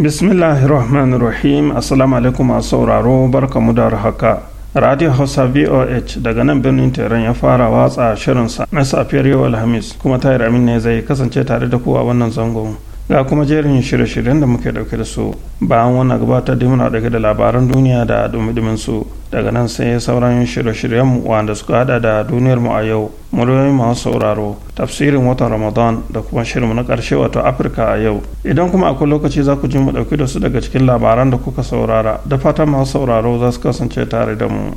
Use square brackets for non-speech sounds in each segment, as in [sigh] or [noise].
bismillahirrahmanirrahim assalamu alaikum masu sauraro mu da haka radio hausa voh daga nan birnin teran ya fara watsa shirinsa na safiyar yau alhamis kuma tayar amin ne zai kasance tare da ku a wannan zangon ga kuma jerin shirye-shiryen da muke dauke da su bayan wannan gabatar da muna dauke da labaran duniya da dumi su daga nan sai sauran shirye-shiryen wanda suka hada da duniyar mu a yau muryoyin masu sauraro tafsirin watan ramadan da kuma shirin na karshe wato afirka a yau idan kuma akwai lokaci za ku ji mu dauke da su daga cikin labaran da kuka saurara da fatan masu sauraro za su kasance tare da mu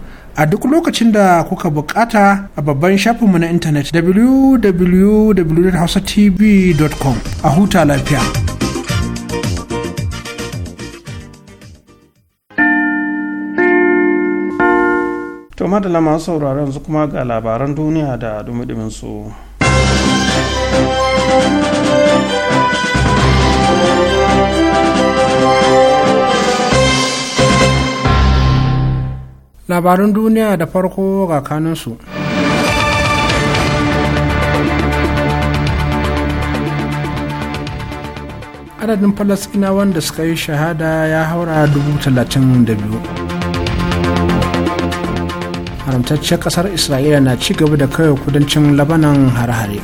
a duk lokacin da kuka bukata a babban shafinmu na intanet www.hausatv.com a huta lafiya. To da masu sauraron yanzu kuma ga labaran duniya da dumi su. Labarin duniya da farko ga su. adadin falasɗinawan wanda suka yi shahada ya haura biyu. haramtacciyar ƙasar isra'ila na ci gaba da kawai kudancin labanan har-hare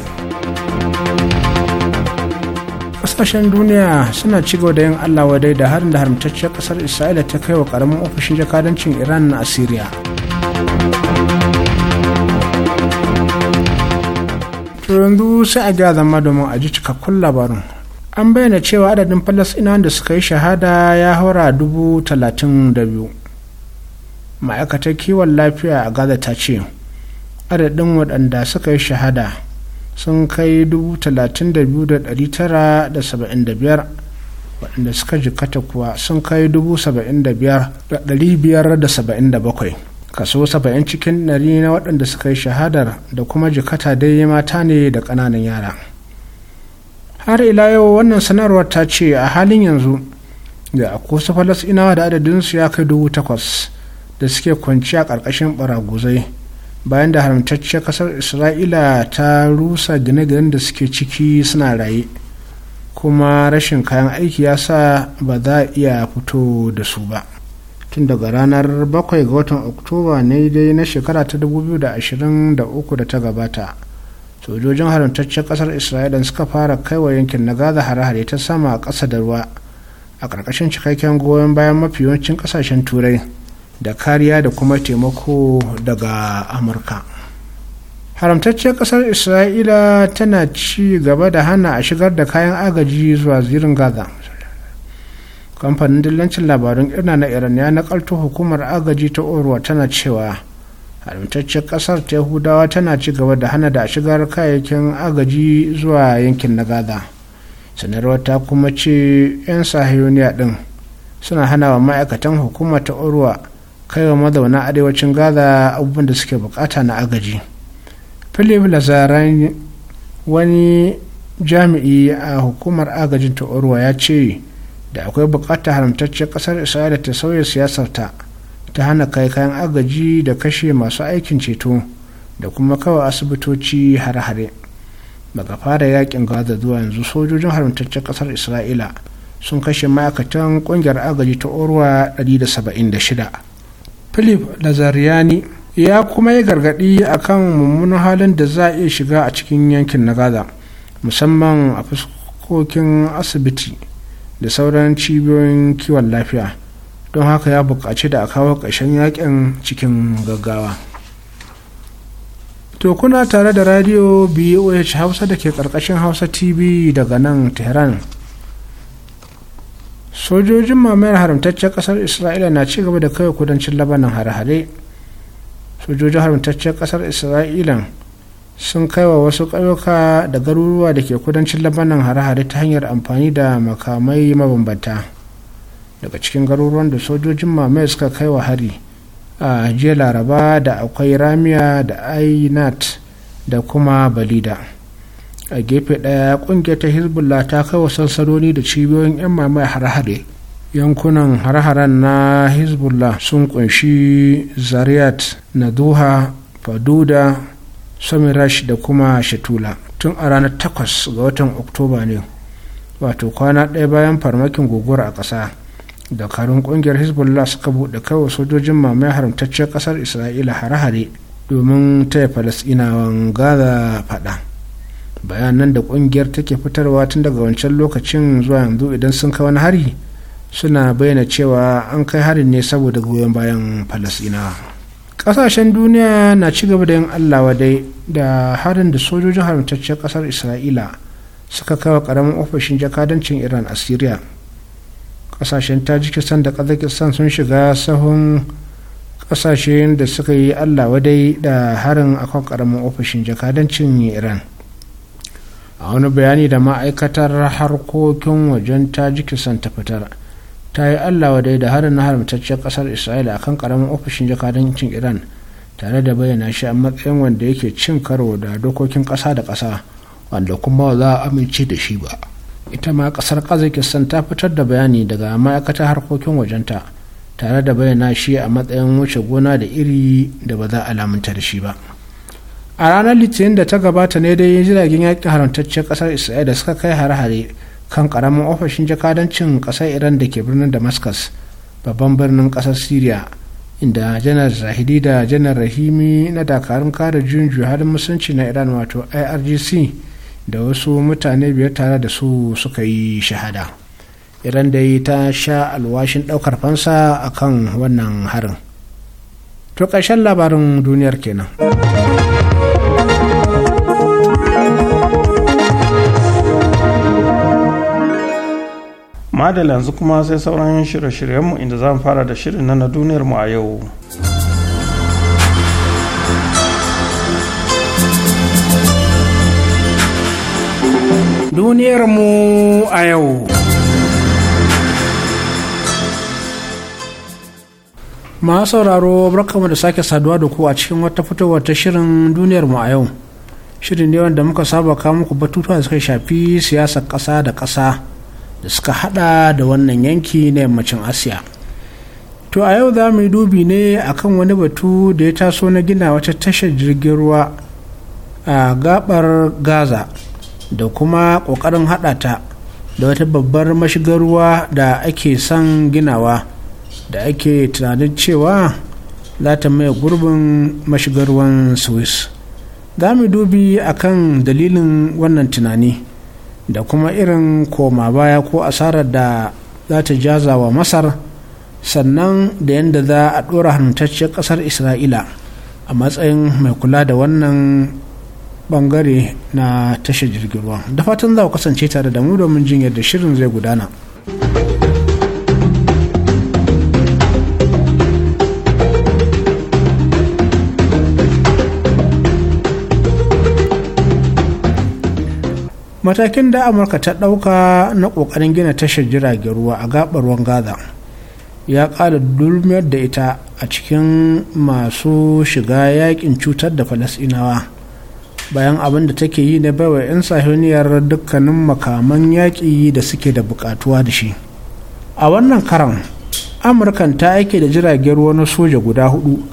kasashen duniya suna ci gaba da yin allah wadai da harin da haramtacciyar kasar isra'ila ta kai wa karamin ofishin jakadancin iran na asiriya to yanzu sai a ga zama domin a ji cikakkun labarin an bayyana cewa adadin falasɗinawan da suka yi shahada ya haura dubu talatin da biyu ma'aikatar kiwon lafiya a gaza ta ce adadin waɗanda suka yi shahada sun kai 32,975 waɗanda suka jikata kuwa sun kai 75,577 kaso 70 cikin 100 na waɗanda suka yi shahadar da kuma jikata dai yi mata ne da ƙananan yara har ila yau wannan sanarwar ta ce a halin yanzu da akwai wasu falasinawa da adadinsu ya kai dubu takwas da suke kwanci a ƙarƙashin baraguzai bayan da haramtacciyar kasar isra'ila ta rusa gine-ginen da suke ciki suna raye kuma rashin kayan aiki ya sa ba za a iya fito da su ba tun daga ranar 7 ga watan oktoba ne dai na shekara ta 2023 da ta gabata sojojin haramtacciyar kasar isra'ila suka fara kaiwa yankin na gaza hare-hare ta sama a ƙasa da ruwa a ƙarƙashin cikakken goyon bayan mafi yawancin ƙasashen turai da kariya da kuma taimako daga amurka haramtacciyar ƙasar isra'ila tana ci gaba da hana a shigar da kayan agaji zuwa zirin gaza kamfanin dillancin labarun irna na iran ya nakalto hukumar agaji ta orwa tana cewa haramtacciyar ƙasar ta yahudawa tana ci gaba da hana da shigar kayayyakin agaji zuwa yankin na gaza sanarwar ta kuma ce 'yan sahiyoniya din suna hana wa ma'aikatan hukumar ta orwa kaiwa mazauna arewacin gaza abubuwan da suke bukata na agaji philip lazaran wani jami'i a hukumar agajin ta ya ce da akwai bukata haramtaccen kasar isra'ila ta sauya siyasarta ta hana kai kayan agaji da kashe masu aikin ceto da kuma kawai asibitoci hare-hare daga fara yakin gaza zuwa yanzu sojojin haramtaccen kasar isra'ila sun kashe ma'aikatan kungiyar agaji ta orwa 176 philip nazariani ya kuma yi gargaɗi kan mummunan halin da za a iya shiga a cikin yankin na gaza musamman a fuskokin asibiti da sauran cibiyoyin kiwon lafiya don haka ya buƙaci da a kawo ƙarshen yakin cikin gaggawa to kuna tare da radio boh hausa da ke ƙarƙashin hausa tv daga nan tehran sojojin mamayar haramtaccen kasar isra'ila na ci gaba da kai kudancin labanin hare-hare sojojin haramtaccen kasar isra'ila sun kai wa wasu ƙauyuka da garuruwa da ke kudancin labanin hare-hare ta hanyar amfani da makamai mabambanta daga cikin garuruwan da sojojin mamayar suka kai wa hari a jiya laraba da akwai ramiya da ainat da kuma balida. a gefe ɗaya ƙungiyar ta hezbollah ta kai wa sansanoni da cibiyoyin 'yan mamaye har yankunan har na hezbollah sun kunshi zariat naduha faduda samirash da kuma shatula tun a ranar 8 ga watan oktoba ne wato kwana ɗaya bayan farmakin guguwar a ƙasa karin ƙungiyar hezbollah suka buɗe wa sojojin mamaye haramtaccen ƙasar isra'ila harhare hare domin taya falasɗinawan gaza faɗa bayanan da kungiyar take fitarwa tun daga wancan lokacin zuwa yanzu idan sun kai wani hari suna bayyana cewa an kai harin ne saboda goyon bayan falasina kasashen duniya na ci gaba da yin allah dai da harin da sojojin haramtacciyar kasar isra'ila suka kawo karamin ofishin jakadancin iran a syria kasashen tajikistan da kazakistan sun shiga sahun kasashen da suka yi allah wadai da harin akwai karamin ofishin jakadancin iran a wani bayani da ma'aikatar harkokin wajen tajikistan ta fitar ta yi allah wadai da harin na haramtacciyar kasar isra'ila akan karamin ofishin jakadancin iran tare da bayyana shi a matsayin wanda yake cin karo da dokokin kasa da kasa wanda kuma za a amince da shi ba ita ma kasar kazakistan ta fitar da bayani daga ma'aikatar harkokin wajenta tare da bayyana shi a matsayin wuce gona da iri da ba za a lamunta da shi ba a ranar litinin da ta gabata ne dai jiragen yaƙi haramtaccen ƙasar isra'ila suka kai hare-hare kan ƙaramin ofishin jakadancin ƙasar iran da ke birnin damascus babban birnin ƙasar syria inda janar zahidi da janar rahimi na dakarun kare juyin halin musulunci na iran wato irgc da wasu mutane biyar tare da su suka yi shahada iran dai ta sha alwashin ɗaukar fansa a kan wannan harin to ƙarshen labarin duniyar kenan. madala yanzu kuma sai sauran shirye-shiryenmu inda za mu fara da shirin na na duniyarmu a yau duniyarmu a yau masu sauraro barkamu da sake saduwa da ku a cikin wata fitowa ta shirin duniyarmu a yau shirin ne wanda muka saba kawo muku batutuwa da suka shafi siyasar ƙasa da ƙasa da suka hada da wannan yanki na yammacin asiya to a yau za mu yi dubi ne akan wani batu da ya taso na gina wata tashar jirgin ruwa a gabar gaza da kuma kokarin hada ta da wata babbar mashigar ruwa da ake son ginawa da ake tunanin cewa za ta maye gurbin mashigar ruwan swiss za mu dubi akan dalilin wannan tunani da kuma irin koma baya ko asarar da za ta jaza wa masar sannan da yadda za a ɗora hannutacciyar ƙasar isra'ila a matsayin mai kula da wannan bangare na tashar jirgin ruwa da fatan za ku kasance tare da mu domin jin yadda shirin zai gudana. matakin da amurka ta ɗauka na ƙoƙarin gina tashar jiragen ruwa a gaɓar ruwan gaza ya ƙara dulmiyar da ita a cikin masu shiga yakin cutar da falasinawa bayan abin da take yi na baiwa 'yan sahuniyar dukkanin makaman yaƙi da suke da buƙatuwa da shi a wannan karan amurkan ta aike da jiragen ruwa na soja guda hudu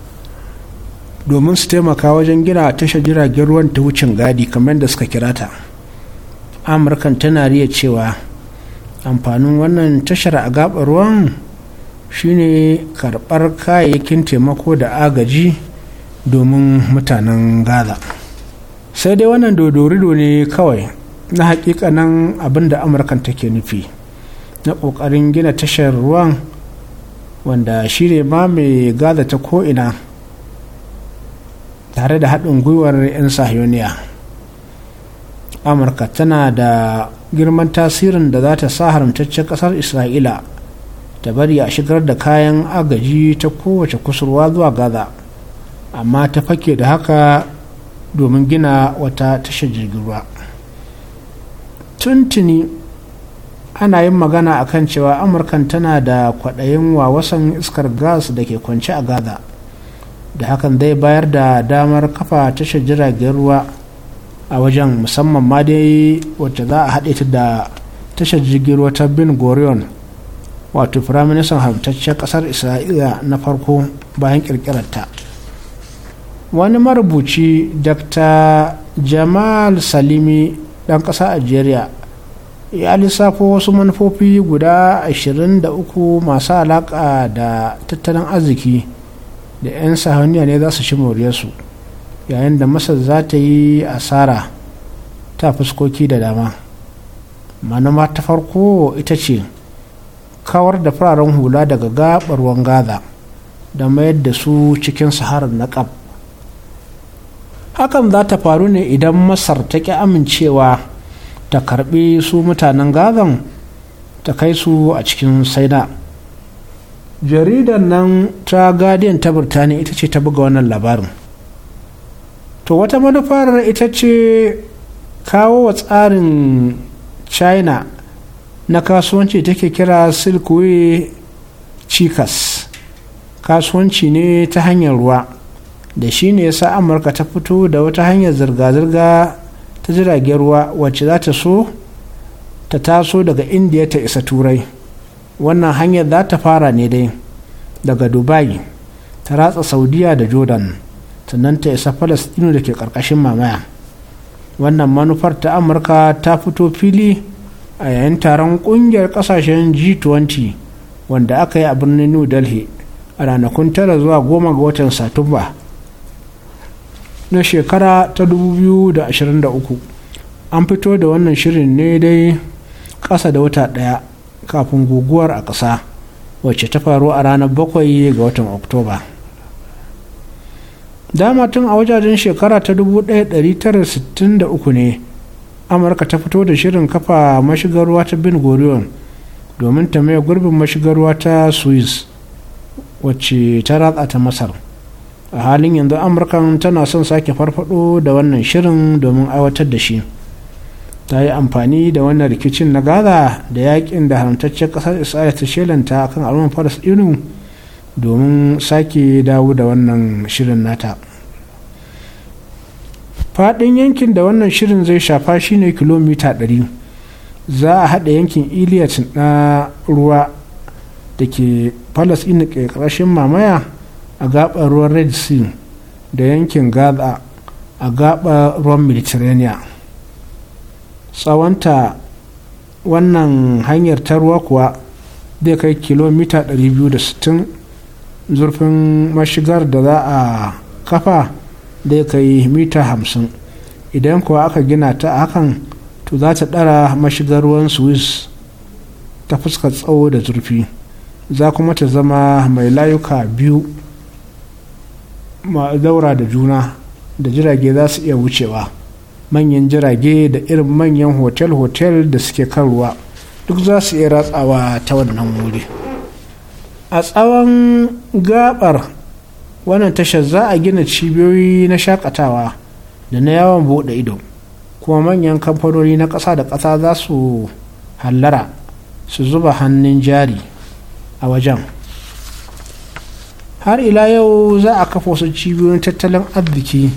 domin su taimaka wajen gina tashar jiragen ruwan ta wucin gadi kamar da suka kirata. amurkan tana riya cewa amfanin wannan tashar a gabar ruwan shine karɓar kayayyakin taimako da agaji domin mutanen gaza sai dai wannan dodorido ne kawai na hakikanin abin da amurkan take nufi na kokarin gina tashar ruwan wanda shine ma mai gaza ta ko'ina tare da haɗin gwiwar 'yan sahiyoniya amurka tana da girman tasirin da za ta sa haramtaccen kasar isra'ila ta bari a shigar da kayan agaji ta kowace kusurwa zuwa gaza amma ta fake da haka domin gina wata tashar jirgin ruwa tuntuni ana yin magana a kan cewa amurkan tana da kwaɗayin wasan iskar gas da ke kwance a gaza da hakan zai bayar da damar kafa tashar jiragen ruwa a wajen musamman ma dai wacce za a haɗe ta da tashar jirgin ruwa ta bin gorion wato firaministan haramtaccen ƙasar isra'ila na farko bayan ƙirƙirarta wani marubuci dr jamal salimi ɗan ƙasa algeria ya lissafo wasu manufofi guda 23 masu alaƙa da tattalin arziki da 'yan sahaniya ne za su ci su. yayin da masar za ta yi asara ta fuskoki da dama manoma ta farko ita ce kawar da fararen hula daga gabar gaza da mayar da su cikin saharar naƙab hakan za ta faru ne idan masar ta ƙi amincewa ta karbi su mutanen gazan ta kai su a cikin saina jaridar nan ta guardian ta birtaniya ita ce ta buga wannan labarin to wata manufar ita ce kawo wa tsarin china na kasuwanci take kira silkway cikas kasuwanci ne ta hanyar ruwa da shi ne yasa amurka ta fito da wata hanyar zirga-zirga ta jiragen ruwa wacce za ta so ta taso daga indiya ta isa turai wannan hanyar za ta fara ne dai daga dubai ta ratsa saudiya da jordan sannan ta isa falastinu da ke ƙarƙashin mamaya wannan manufar ta amurka ta fito fili a yayin taron ƙungiyar ƙasashen g20 wanda aka yi a birnin new delhi a ranakun tara zuwa goma ga watan satumba na shekara ta 2023 an fito da wannan shirin ne dai ƙasa da wata ɗaya kafin guguwar a ƙasa wacce ta faru a ranar bakwai ga watan oktoba dama tun a wajajen shekara ta 1963 ne amurka ta fito da shirin kafa mashigarwa ta bin gurion domin ta mai gurbin mashigar ruwa ta swiss wacce ta ratsa ta masar a halin yanzu amurka tana son sake farfado da wannan shirin domin aiwatar da shi ta yi amfani da wannan rikicin na gaza da yakin da haramtaccen kasar israel ta shelanta akan al'ummar faras inu domin sake dawo da wannan shirin nata faɗin yankin da wannan shirin zai shafa shine kilomita 100 za a haɗa yankin iliyat na ruwa da ke palestine ƙarƙashin mamaya a gaɓar ruwan red sea da yankin gaza a gaɓar ruwan mediterranean tsawonta wannan hanyar ta ruwa kuwa zai kai kilomita 260 zurfin mashigar da za a kafa da ya kai mita hamsin idan kuwa aka gina ta hakan to za ta ɗara mashigar ruwan swiss ta fuska tsawo da zurfi za kuma ta zama mai layuka biyu ma daura da juna da jirage za su iya wucewa manyan jirage da irin manyan hotel-hotel da suke kan ruwa duk za su iya ratsawa ta wannan wuri. a tsawon gabar wannan tashar za a gina cibiyoyi na shakatawa da na yawon bude ido kuma manyan kamfanoni na ƙasa da ƙasa za su hallara su zuba hannun jari a wajen har ila yau za a kafa su cibiyoyin tattalin arziki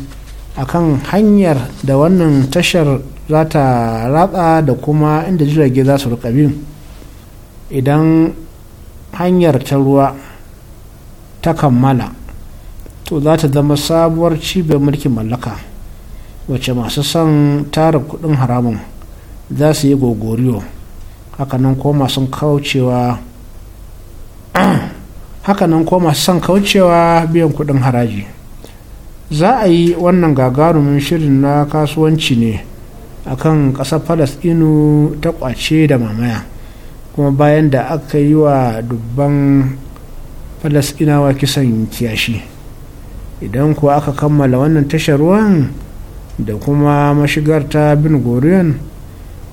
a kan hanyar da wannan tashar za ta ratsa da kuma inda jirage za su rika idan hanyar ta ruwa ta kammala to za ta zama sabuwar cibiyar mulkin mallaka wace masu son tara kudin haramun za su yi gogoriyo hakanan ko masu kaucewa [clears throat] hakanan ko masu son kaucewa biyan kudin haraji za a yi wannan gagarumin shirin na kasuwanci ne akan ƙasar falasɗinu ta kwace da mamaya kuma bayan da aka yi wa dubban falasɗinawa kisan kiyashi idan kuwa aka kammala wannan tashar ruwan da kuma mashigar ta bin goriyan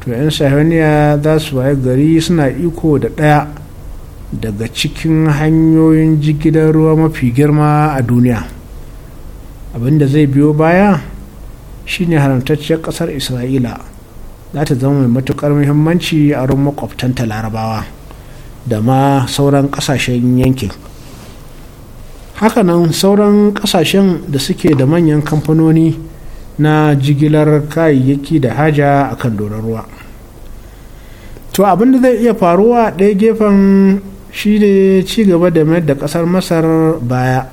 to 'yan sahiyoniya za su waye gari suna iko da ɗaya daga cikin hanyoyin jigilar ruwa mafi girma a duniya abinda zai biyo baya shine haramtacciyar ƙasar isra'ila za ta zama mai matukar muhimmanci a ruwan makwabtanta larabawa da ma sauran kasashen yankin hakanan sauran kasashen da suke da manyan kamfanoni na jigilar kayayyaki da haja a kan doron ruwa to abin da zai iya faruwa ɗaya gefen shi ne ci gaba da mayar da ƙasar masar baya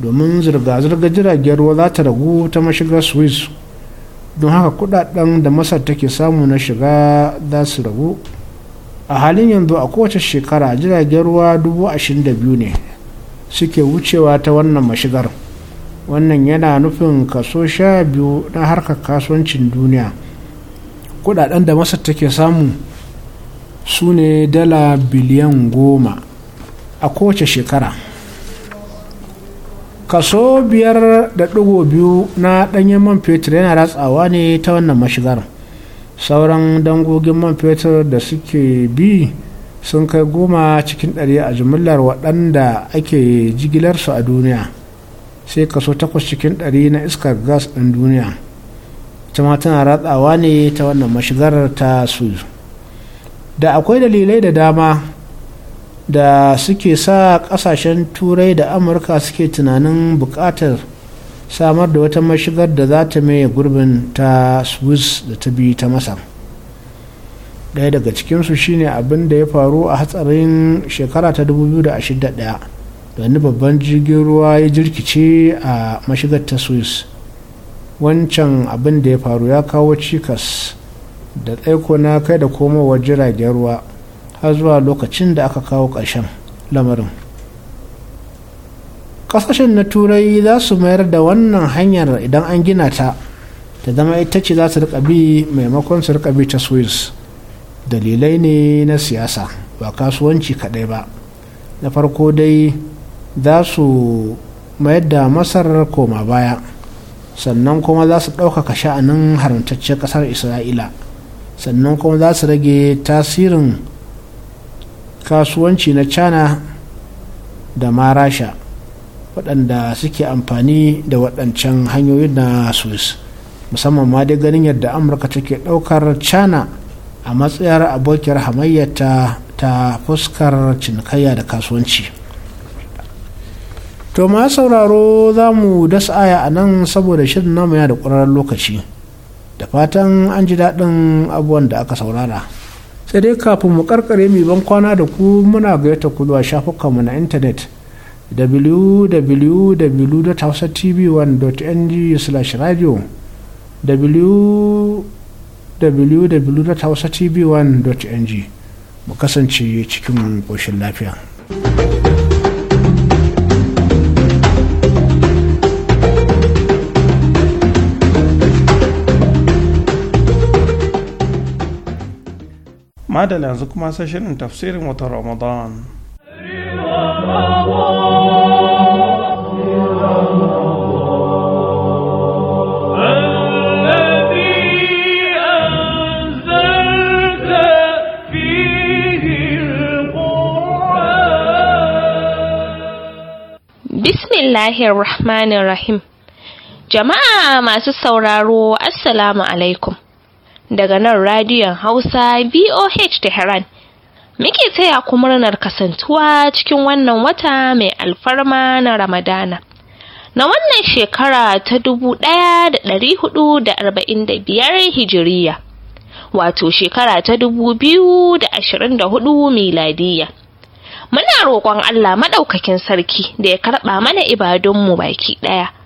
domin zirga-zirgar jiragen ruwa za ta ragu ta mashigar swiss don haka kudaden da masar take samu na shiga za su rabu a halin yanzu a kowace shekara jiragen ruwa 22,000 ne suke wucewa ta wannan mashigar wannan yana nufin kaso sha biyu na harkar kasuwancin duniya kudaden da masar take samu su ne dala biliyan goma a kowace shekara kaso biyar da ɗigo biyu na ɗanyen man fetur yana ratsawa ne ta wannan mashigar sauran dangogin man fetur da suke bi sun kai goma cikin ɗari a jimillar waɗanda ake jigilarsu a duniya sai kaso takwas cikin ɗari na iskar gas ɗin duniya ita ma tana ratsawa ne ta wannan mashigar ta su da akwai dalilai da dama da suke sa kasashen turai da amurka suke tunanin bukatar samar da wata mashigar da za ta maye gurbin ta swiss da ta bi ta masa. daya daga cikinsu shine abin da ya faru a hatsarin shekara ta 2021 da wani babban jirgin ruwa ya jirkice a mashigar ta swiss wancan abin da ya faru ya kawo cikas da tsaiko na kai da komowar jiragen ruwa har zuwa lokacin da aka kawo ƙarshen lamarin ƙasashen na turai za su mayar da wannan hanyar idan an gina ta ta zama ita ce za su rika bi maimakon su rika bi ta swiss dalilai ne na siyasa ba kasuwanci kaɗai ba na farko dai za su mayar da masar koma baya sannan kuma za su ɗaukaka sha'anin haramtaccen ƙasar isra'ila sannan kuma za su rage tasirin kasuwanci na china da ma rasha waɗanda suke amfani da waɗancan hanyoyi na swiss musamman ma dai ganin yadda amurka take ɗaukar china a matsayar abokiyar hamayyata ta fuskar cinikayya da kasuwanci to ma sauraro za mu dasa aya a nan saboda shirin namu yana da ƙwararren lokaci da fatan an ji daɗin abubuwan da aka saurara. sai dai kafin mu karkare mai ban kwana da ku muna gayyata ku zuwa shafukanmu na intanet www.hausatv1.ng/radio www.hausatv1.ng mu kasance cikin koshin lafiya. madala yanzu kuma sai shirin tafsirin watan ramadan Bismillahir Rahmanir Rahim Jama'a masu sauraro, Assalamu alaikum. daga nan radiyon Hausa BOH Tehran. Muke taya ku murnar kasantuwa cikin wannan wata mai alfarma na Ramadana. Na wannan shekara ta dubu ɗaya da da arba'in da biyar Hijiriya, wato shekara ta dubu biyu da ashirin da hudu miladiyya. Muna roƙon Allah maɗaukakin sarki da ya karɓa mana ibadunmu baki ɗaya.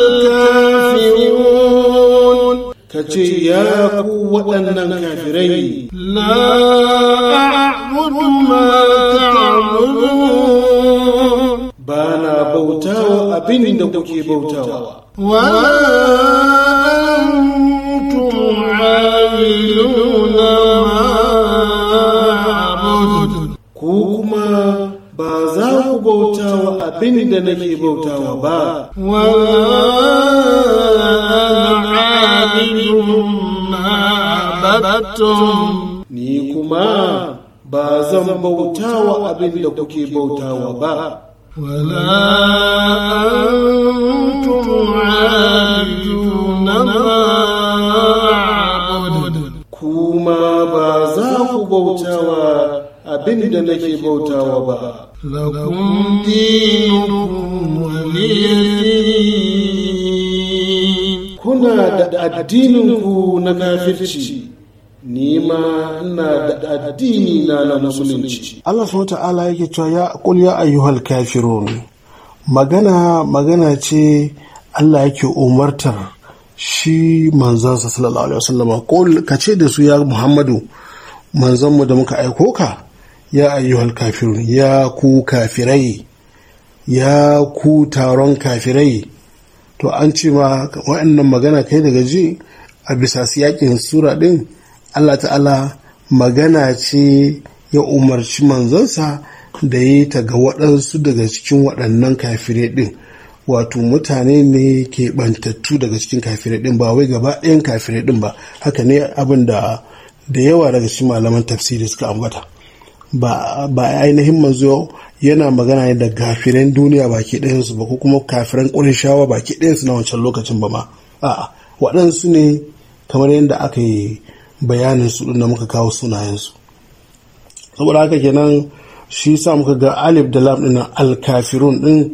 ka ce ya ku waɗannan kafirai la a'budu ma ta'budun ba na bautawa abin da kuke bautawa wa antum ku kuma ba za ku bautawa abinda da nake bautawa ba wa Ni kuma ba zan bauta wa abin da kuke bauta wa ba. Kuma ba za ku bauta wa abin da nake bauta wa ba. Lakun dinu waliyyar Ina da addininku na kafirci ni ma ina da addini na na musulunci Allah subhanahu ta'ala yake cewa ya qul ya ayyuhal kafirun magana magana ce Allah yake umartar shi sa sallallahu alaihi wasallama qul ka ce da su ya Muhammadu manzanmu da muka aiko ka ya ayyuhal kafirun ya ku kafirai ya ku taron kafirai to an ce ma wa'annan magana kai daga ji a bisa su yaƙin sura ɗin allah ta'ala magana ce ya umarci manzansa da ya ta ga waɗansu daga cikin waɗannan kafire din wato mutane ne ke bantattu daga cikin kafire din ba wai gaba ɗayan kafire din ba haka ne abin da da yawa daga cikin malaman tafsiri suka ambata ba ainihin manzo yana magana ne da kafiran duniya baki ɗayansu ba ko kuma kafiran ƙurishawa baki ɗayansu na wancan lokacin ba ma a'a waɗansu ne kamar yadda aka yi bayanin su da muka kawo sunayensu saboda haka kenan shi sa muka ga alif da lam ɗin alkafirun ɗin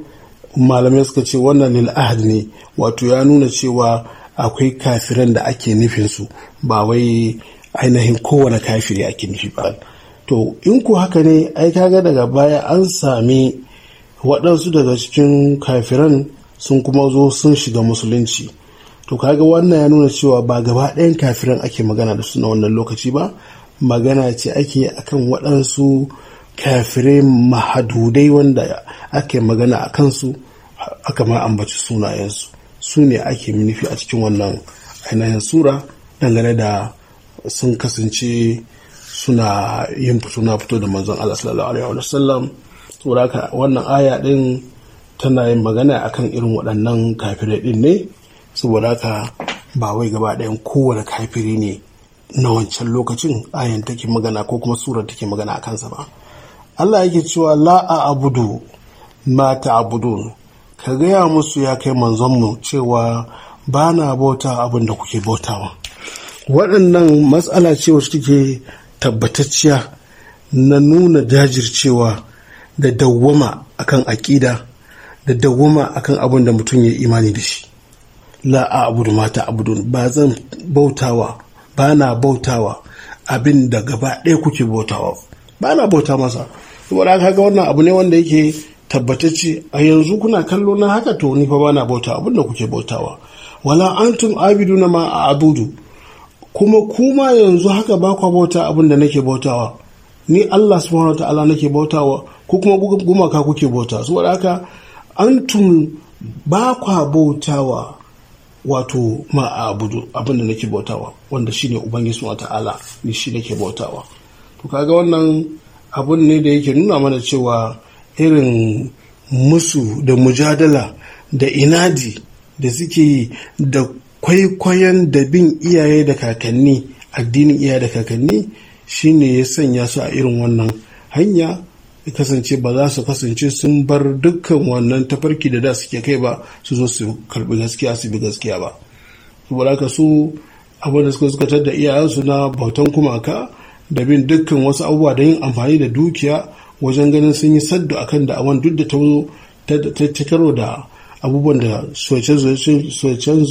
malamai suka ce wannan lil ahad ne wato ya nuna cewa akwai kafiran da ake nufin su ba wai ainihin kowane kafiri ake nufi ba to in ku haka ne ai kaga daga baya an sami waɗansu daga cikin kafiran sun kuma zo sun shiga musulunci to kaga wannan ya nuna cewa ba gaba ɗayan kafiran ake magana da su na wannan lokaci ba magana ce ake akan waɗansu kafirai mahadudai wanda ake magana a kansu aka ma ambaci sunayensu su ne ake nufi a cikin wannan ainihin sura dangane da sun kasance suna yin suna fito da manzon Allah sallallahu alaihi wa sallam saboda haka wannan aya din tana yin magana akan irin waɗannan kafirai din ne saboda haka ba wai gaba ɗayan kowane kafiri ne na wancan lokacin ayan take magana ko kuma surar take magana a kansa ba Allah yake cewa la a abudu ma ta abudu ka gaya musu ya kai manzon mu cewa bana bauta abin da kuke bautawa waɗannan matsala ce wacce take tabbatacciya na nuna jajircewa da dawwama akan aƙida da dawwama akan abin da mutum ya imani da shi la a abudu mata abudun ba zan bautawa ba na bautawa abin da gaba ɗaya kuke bautawa ba na bauta masa saboda haka ga wannan abu ne wanda yake tabbatacce a yanzu kuna kallo na haka to ni fa ba na bauta abin da kuke bautawa wala antum abiduna ma a abudu kuma kuma yanzu haka ba kwa bauta abin da nake bautawa ni Allah subhanahu ta'ala nake bautawa ko kuma gumaka kuke bauta saboda haka antum ba kwa bautawa wato ma abudu abin da nake bautawa wanda shine ubangiji subhanahu ta'ala ni shi nake bautawa to kaga wannan abun ne da yake nuna mana cewa irin musu da mujadala da inadi da suke yi da kwaikwayon da bin iyaye da kakanni addinin iyaye da kakanni shine ya sanya su a irin wannan hanya kasance ba za su kasance sun bar dukkan wannan tafarki da da suke kai ba su zo su karbi gaskiya su bi gaskiya ba saboda haka su abin da suka suka da iyayensu na bautan kumaka da bin dukkan wasu abubuwa da yin amfani da dukiya wajen ganin sun yi saddu akan da awan duk da ta abubuwan da soyacen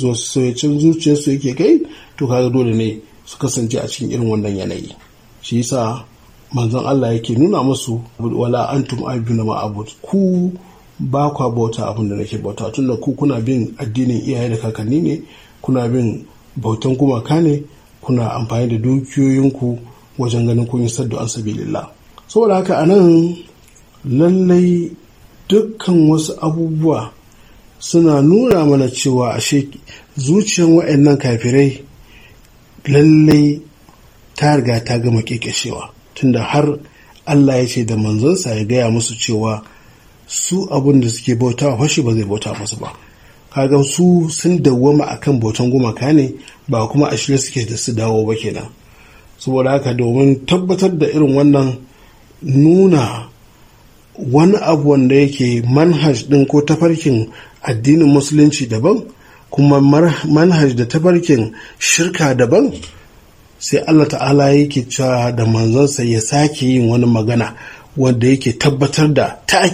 zuciyarsu yake kai to kaga dole ne su kasance a cikin irin wannan yanayi shi yasa manzon Allah yake nuna musu wala antum abuna ma abud ku ba kwa bauta abin da nake bauta tunda ku kuna bin addinin iyaye da kakanni ne kuna bin bautan gumaka ne kuna amfani da dukiyoyinku wajen ganin kun yi saddu an sabilillah saboda haka anan lallai dukkan wasu abubuwa suna nuna mana cewa ashe zuciyar waɗannan kafirai lallai ta riga ta gama kekeshewa tunda har Allah ya ce da manzonsa ya gaya musu cewa su abin da suke bauta fashi ba zai bauta musu ba kaga su sun dawwama akan bautan gumaka ne ba kuma a shirye suke da su dawo ba kenan saboda haka domin tabbatar da irin wannan nuna wani abu wanda yake manhaj ɗin ko tafarkin addinin musulunci daban kuma manhaj da tafarkin shirka daban sai Allah ta'ala yake cewa da manzansa ya sake yin wani magana wanda yake tabbatar da a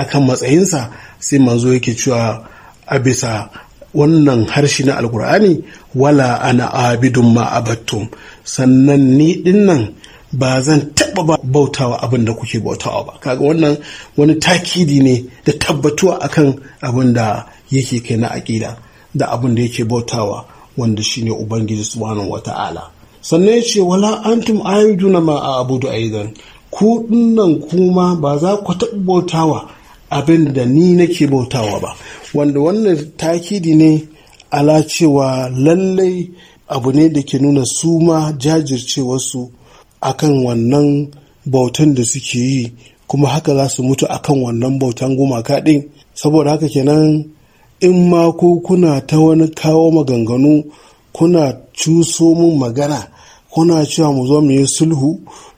akan matsayinsa sai manzo yake cewa a bisa wannan harshe na alkur'ani wala ana abidun ma abattum sannan ni dinnan ba zan taɓa bautawa abin da kuke bautawa ba kaga wannan wani takidi ne da tabbatuwa akan abin da yake kai na aƙida da abin da yake bautawa wanda shine ubangiji subhanahu wata'ala sannan ya ce wala antum ayyuduna ma a abudu aidan ku dinnan kuma ba za ku taba bautawa abin da ni nake bautawa ba wanda wannan takidi ne ala cewa lallai abu ne da ke nuna suma ma jajircewarsu akan wannan bautan da suke yi kuma haka za su mutu akan wannan bautan gumaka ɗin saboda haka kenan in ma ko kuna ta wani kawo maganganu kuna cuso mun magana kuna cewa mu zo mu yi sulhu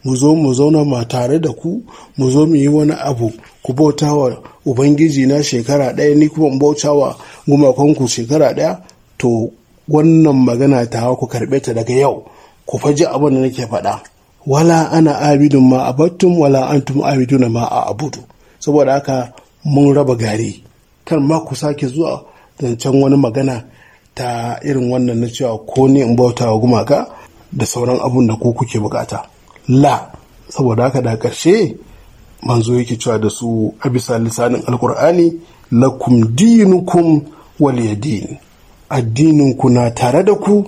mu zo mu zauna ma tare da ku mu zo mu yi wani abu ku bauta wa ubangiji na shekara ɗaya ni kuma bauta wa gumakonku shekara ɗaya to wannan magana ta ku karɓe ta daga yau ku faji abin da nake faɗa wala ana abidun ma a batun wala antum abidun ma a abudu saboda haka mun raba gari kan ma ku sake zuwa zancen wani magana ta irin wannan na cewa ko ne in bauta wa gumaka da sauran abun da ku kuke bukata la saboda haka da karshe manzo yake cewa da su a bisa lisanin alkur'ani lakum dinukum yadin addinin ku na tare da ku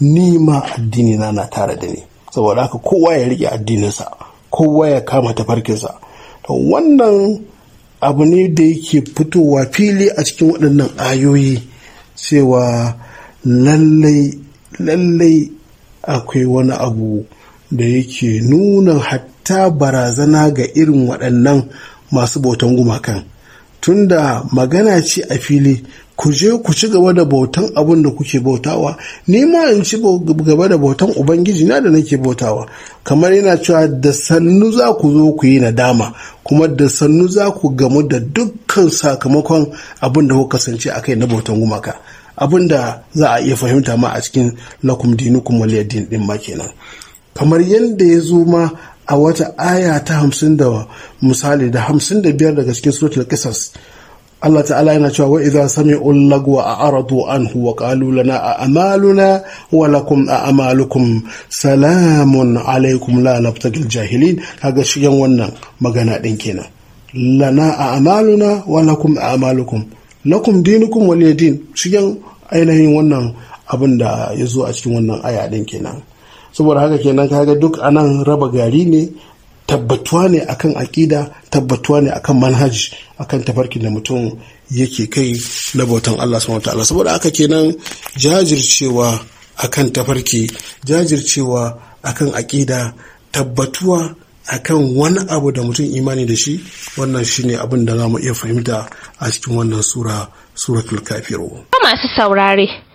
ni ma addini na na tare da ni saboda haka kowa ya rike addininsa kowa ya kama tafarkinsa to wannan abu ne da yake fitowa fili a cikin waɗannan ayoyi cewa lallai lallai akwai wani abu da yake nuna hatta barazana ga irin waɗannan masu bautan gumakan tunda magana ce a fili ku je ku ci gaba da bautan abin da kuke bautawa ni ma in ci gaba da bautan ubangiji na da nake bautawa kamar yana cewa da sannu za ku zo ku yi nadama kuma da sannu za ku gamu da dukkan sakamakon abin da kuka kasance a kai na bautan gumaka abin da za a iya fahimta ma a cikin lakum dinukum waliyadin din ma kenan kamar yadda ya zo ma a wata aya ta hamsin da misali da hamsin da biyar daga cikin suratul qisas Allah ta'ala yana cewa wa idza sami'u lagwa a'radu anhu wa qalu lana a'maluna wa lakum a'malukum salamun alaikum la nabtagil jahilin kaga shigen wannan magana din kenan lana a'maluna wa lakum a'malukum lakum dinukum wa din shigen ainihin wannan abin da ya zo a cikin wannan aya din kenan saboda haka kenan kaga duk anan raba gari ne tabbatuwa ne akan aƙida tabbatuwa ne akan manhaji akan tafarkin da mutum yake kai na bautan Allah subhanahu saboda saboda haka kenan jajircewa akan tafarki jajircewa akan aƙida tabbatuwa akan wani abu da mutum imani da shi wannan shine abin da za mu iya fahimta a cikin wannan sura suratul kafiru masu saurare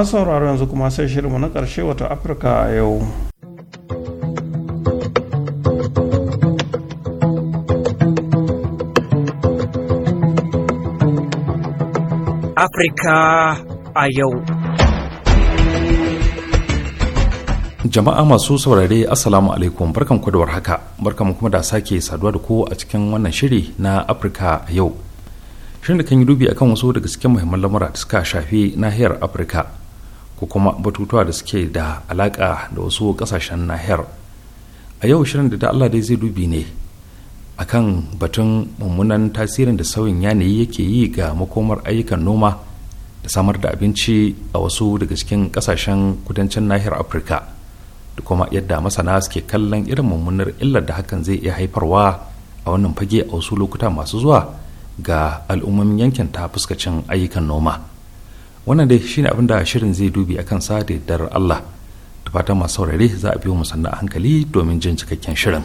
masu sauraro yanzu kuma sai shirinmu na ƙarshe wata afirka a yau Afirka a yau. Jama'a masu saurare Assalamu alaikum barkan kwadowar haka barkan kuma da sake saduwa da ku a cikin wannan shiri na Afirka a yau. Shirin da kan yi dubi akan wasu daga cikin muhimman lamura da suka shafi nahiyar Afirka ko kuma batutuwa da suke da alaƙa da wasu ƙasashen nahiyar a yau shirin da Allah dai zai dubi ne a kan batun mummunan tasirin da sauyin yanayi yake yi ga makomar ayyukan noma da samar da abinci a wasu daga cikin ƙasashen kudancin nahiyar afirka da kuma yadda masana suke kallon irin mummunar illar da hakan zai iya haifarwa a wannan fage a wasu lokuta masu zuwa ga al'ummomin yankin ta fuskacin ayyukan noma. wannan dai shine abin da shirin zai dubi a kansa da yardar Allah da fatan masu saurari za a biyo mu sannan a hankali domin jin cikakken shirin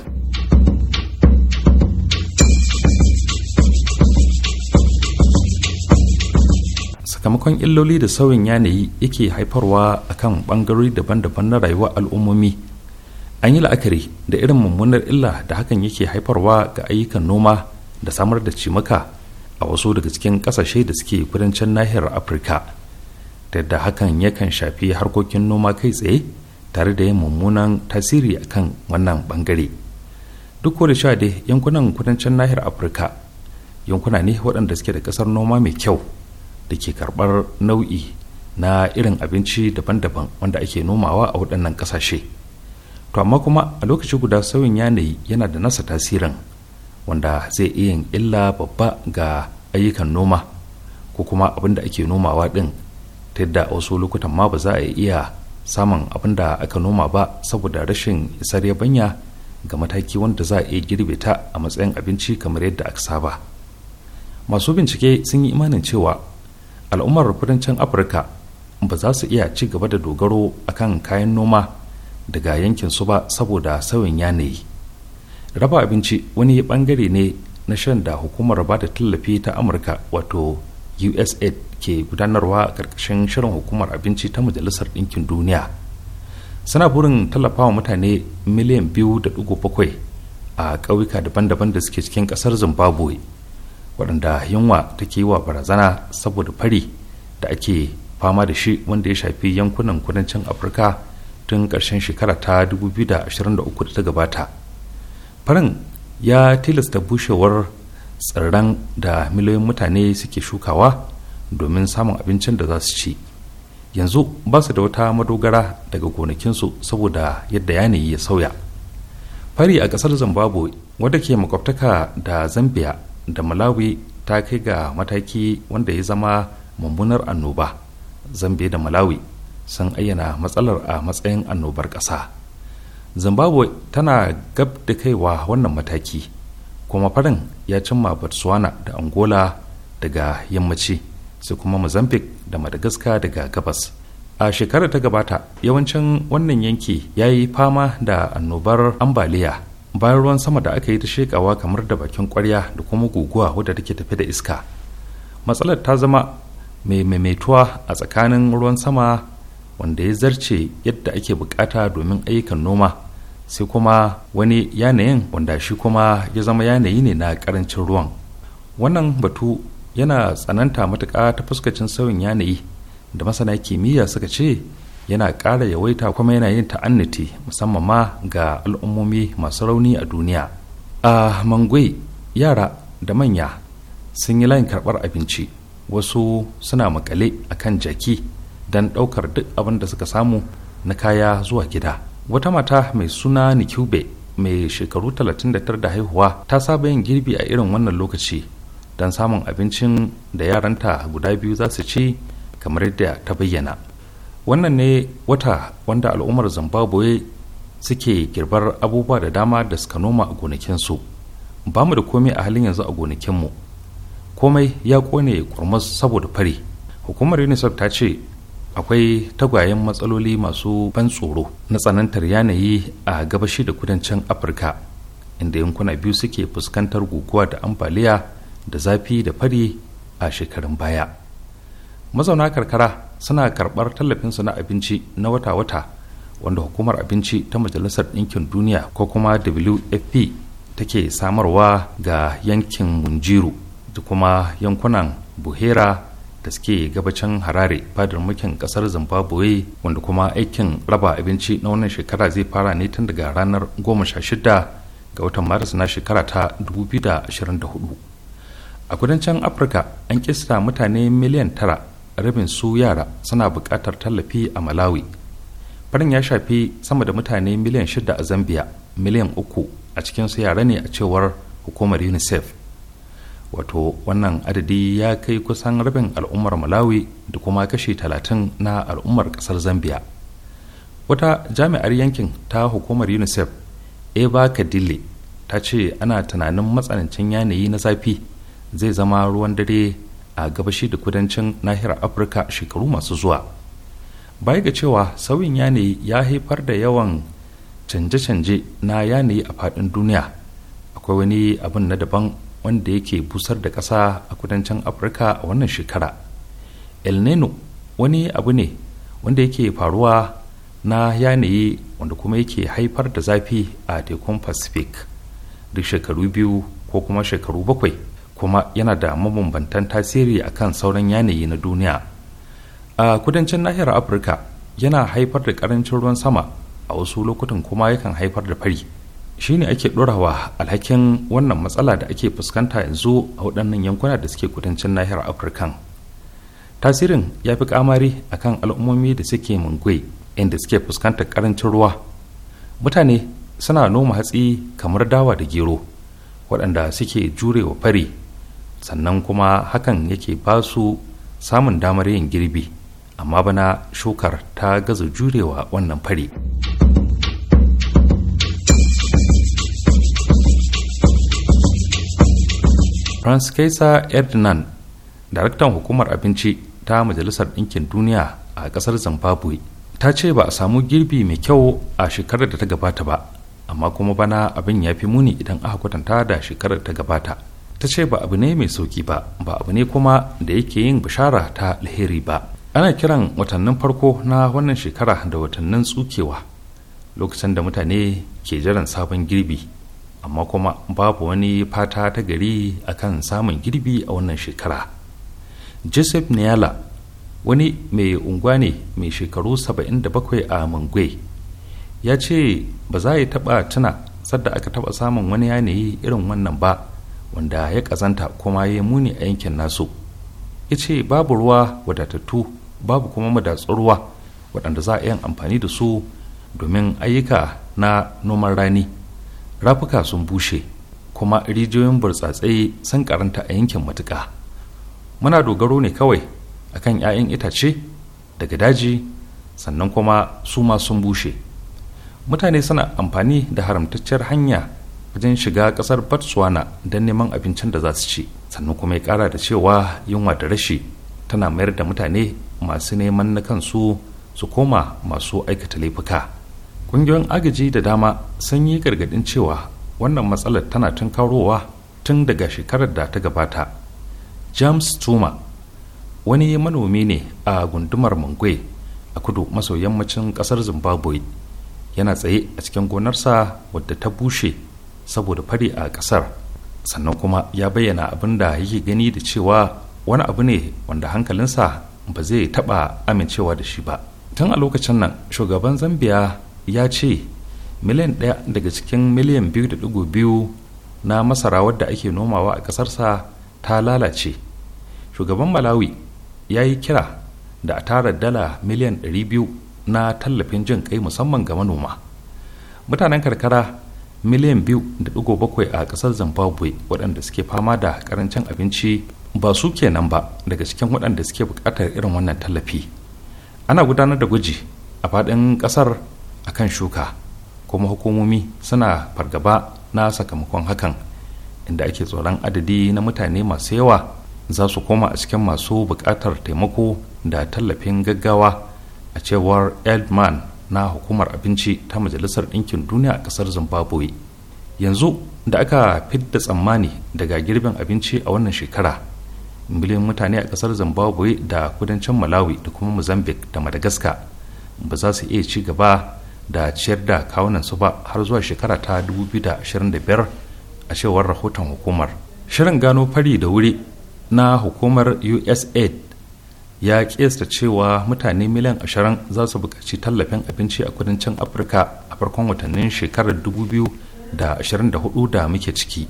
sakamakon illoli da sauyin yanayi yake haifarwa a kan bangarori daban-daban na rayuwar al'ummomi an yi la'akari da irin mummunar illa da hakan yake haifarwa ga ayyukan noma da samar da cimaka a wasu daga cikin kasashe da suke kudancin nahiyar afirka da yadda hakan yakan shafi harkokin noma kai tsaye tare da yin mummunan tasiri a kan wannan bangare duk da sha dai yankunan kudancin nahiyar afirka yankuna ne waɗanda suke da ƙasar noma mai kyau da ke karɓar nau'i na irin abinci daban-daban wanda ake nomawa a waɗannan ƙasashe to amma kuma a lokaci guda sauyin yanayi yana da nasa tasirin wanda zai iya yin illa babba ga ayyukan noma ko kuma abin da ake nomawa ɗin ta yadda wasu lokutan ma ba za a iya samun abin da aka noma ba saboda rashin isar yabanya ga mataki wanda za a iya girbe ta a matsayin abinci kamar yadda aka saba masu bincike sun yi imanin cewa al'ummar kudancin afirka ba za su iya ci gaba da dogaro akan kayan noma daga yankin su ba saboda sauyin yanayi raba abinci wani bangare ne na shan da hukumar ba da tallafi ta amurka wato usaid ke gudanarwa a ƙarƙashin shirin hukumar abinci ta majalisar ɗinkin duniya suna burin wa mutane miliyan biyu da ɗigo bakwai a ƙauyuka daban-daban da suke cikin ƙasar zimbabwe waɗanda yunwa take yi wa barazana saboda fari da ake fama da shi wanda ya shafi yankunan kudancin afirka tun ƙarshen shekara ta 2023 da ta gabata farin ya tilasta bushewar tsirran da miliyoyin mutane suke shukawa domin samun abincin da za su ci yanzu ba su da wata madogara daga gonakinsu saboda yadda yanayi ya sauya fari a ƙasar zimbabwe wadda ke makwabtaka da zambia da malawi ta kai ga mataki wanda ya zama mummunar annoba zambia da malawi sun ayyana matsalar a matsayin annobar ƙasa zimbabwe tana gab da kaiwa wannan mataki kuma farin ya cimma botswana da angola daga yammaci sai kuma mozambique da madagascar daga gabas a shekarar ta gabata yawancin wannan yanki ya yi fama da annobar ambaliya bayan ruwan sama da aka yi ta shekawa kamar da bakin kwarya da kuma guguwa wadda take tafi da iska matsalar ta zama mai maimaituwa a tsakanin ruwan sama wanda ya zarce yadda ake bukata domin ayyukan noma sai kuma wani yanayin wanda shi kuma ya zama yanayi ne na karancin ruwan wannan batu yana tsananta matuƙa ta fuskacin sauyin yanayi da masana kimiyya suka ce yana ƙara yawaita kuma yana yin ta'annati musamman ma ga al'ummomi masu rauni a duniya a mangwai yara da manya sun yi layin karɓar abinci wasu suna makale a kan jaki don ɗaukar duk abin da suka samu na kaya zuwa gida wata mata mai suna nikube mai shekaru 39 da haihuwa ta saba yin girbi a irin wannan lokaci don samun abincin da yaranta guda biyu za su ci kamar yadda ta bayyana wannan ne wata wanda al'ummar zimbabwe suke girbar abubuwa da dama da suka noma a gonakinsu ba mu da komai a halin yanzu a gonakinmu komai ya kone kurmas saboda fari hukumar unicef ta ce akwai tagwayen matsaloli masu ban tsoro na tsanantar yanayi a gabashi da kudancin afirka inda yankuna biyu suke fuskantar guguwa da ambaliya da zafi da fari a shekarun baya mazauna karkara suna karɓar tallafinsu na abinci na wata-wata wanda hukumar abinci ta majalisar ɗinkin duniya ko kuma wfp take samarwa ga yankin munjiru da kuma yankunan buhera da suke gabacin harare fadar mulkin kasar zimbabwe wanda kuma aikin raba abinci na wannan shekara zai fara ne tun daga ranar 16 ga watan maris na shekara ta 2024 a kudancin afirka an kista mutane miliyan tara rabin su yara suna buƙatar tallafi a malawi farin ya shafi sama da mutane miliyan shida a zambia miliyan uku a cikinsu yara ne a cewar hukumar unicef wato wannan adadi ya kai kusan rabin al'ummar malawi da kuma kashi talatin na al'ummar kasar zambia wata jami'ar yankin ta hukumar unicef eva kadile ta ce ana tunanin matsanancin yanayi na zafi zai zama ruwan dare a gabashi da kudancin nahiyar afirka shekaru masu zuwa baya ga cewa sauyin yanayi ya haifar da yawan canje-canje na yanayi a faɗin duniya akwai wani abin na daban wanda yake busar da ƙasa a kudancin afirka a wannan shekara el nino wani abu ne wanda yake faruwa na yanayi wanda kuma yake haifar da zafi a tekun pacific duk shekaru biyu ko kuma shekaru bakwai kuma yana da mabambantan tasiri akan sauran yanayi na duniya a kudancin nahiyar afirka yana haifar da ƙarancin ruwan sama a wasu lokutan kuma yakan haifar da fari Shi shine ake ɗorawa alhakin wannan matsala da ake fuskanta yanzu a waɗannan yankuna da suke kudancin nahiyar afirkan tasirin ya fi kamari a kan al'ummomi da suke mungwe inda suke fuskantar ƙarancin ruwa mutane suna noma hatsi kamar dawa da gero waɗanda suke jure wa fari sannan kuma hakan yake ba su samun damar yin girbi amma bana shukar ta gaza jurewa wannan fari. franskaisa Erdnan, daraktan hukumar abinci ta majalisar ɗinkin duniya a ƙasar zimbabwe ta ce ba a samu girbi mai kyau a shekarar da ta gabata ba amma kuma bana abin ya fi muni idan aka kwatanta da shekarar ta gabata ta ce ba abu ne mai sauki ba ba abu ne kuma da yake yin bishara ta alheri ba ana kiran watannin farko na wannan shekara da watannin tsukewa lokacin da mutane ke jiran sabon girbi amma kuma babu wani fata ta gari a kan samun girbi a wannan shekara joseph niala wani mai unguwa ne mai shekaru 77 a mangwe ya ce ba za ya taba tuna sadda aka taba samun wani yanayi irin wannan ba wanda ya kazanta kuma ya muni a yankin nasu ya ce babu ruwa wadatattu babu kuma madatsu ruwa waɗanda za a yi amfani da su domin ayyuka na noman rani rafuka sun bushe kuma rijiyoyin burtsatse sun karanta a yankin matuka muna dogaro ne kawai akan 'ya'yan itace daga daji sannan kuma su ma sun bushe mutane suna amfani da haramtacciyar hanya wajen shiga kasar botswana don neman abincin da za su ci sannan kuma ya kara da cewa yunwa da rashi tana mayar da mutane masu neman na kansu su koma masu aikata laifuka ƙungiyoyin agaji da dama sun yi gargaɗin cewa wannan matsalar tana tunkarowa tun daga shekarar da ta gabata james tuma wani manomi ne a gundumar mangwe a kudu maso yammacin ƙasar zimbabwe yana tsaye a cikin gonarsa wadda ta bushe saboda fari a ƙasar sannan kuma ya bayyana abin da yake gani da cewa wani abu ne wanda hankalinsa ba zai taɓa amincewa da shi ba tun a lokacin nan shugaban zambiya ya ce miliyan ɗaya daga cikin miliyan biyu da ɗigo biyu na masara wadda ake nomawa a ƙasarsa ta lalace shugaban malawi ya yi kira da a tara dala miliyan ɗari biyu na tallafin jin kai musamman ga manoma mutanen karkara miliyan biyu 2.7 a ƙasar zimbabwe waɗanda suke fama da ƙarancin abinci ba su kenan ba daga cikin waɗanda suke buƙatar irin wannan tallafi ana gudanar da gwaji a faɗin ƙasar a kan shuka kuma hukumomi suna fargaba na sakamakon hakan inda ake tsoron adadi na mutane masu yawa za su koma a cikin masu buƙatar taimako da tallafin gaggawa a cewar edman na hukumar abinci ta majalisar ɗinkin duniya a ƙasar zimbabwe yanzu da aka fidda tsammani daga girbin abinci a wannan shekara miliyan mutane a ƙasar zimbabwe da kudancin malawi da kuma mozambique da madagascar ba za su iya ci gaba da ciyar da kawunan su ba har zuwa shekara ta 2025 a cewar rahoton hukumar shirin gano fari da wuri na hukumar usaid ya kesta cewa mutane miliyan ashirin za su buƙaci tallafin abinci a kudancin afirka a farkon watannin shekarar 2024 da muke ciki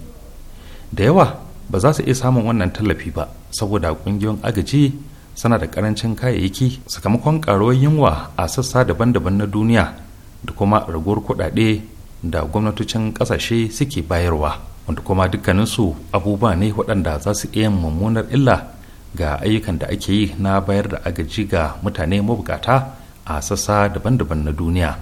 da yawa ba za su iya samun wannan tallafi ba saboda ƙungiyoyin agaji sana da ƙarancin kayayyaki sakamakon ƙaruwar yunwa a sassa daban-daban na duniya da kuma raguwar kuɗaɗe da gwamnatocin ƙasashe suke bayarwa wanda kuma dukkaninsu abubuwa ne waɗanda za su iya mummunar illa ga ayyukan da ake yi na bayar da agaji ga mutane mabukata a sassa daban-daban na duniya.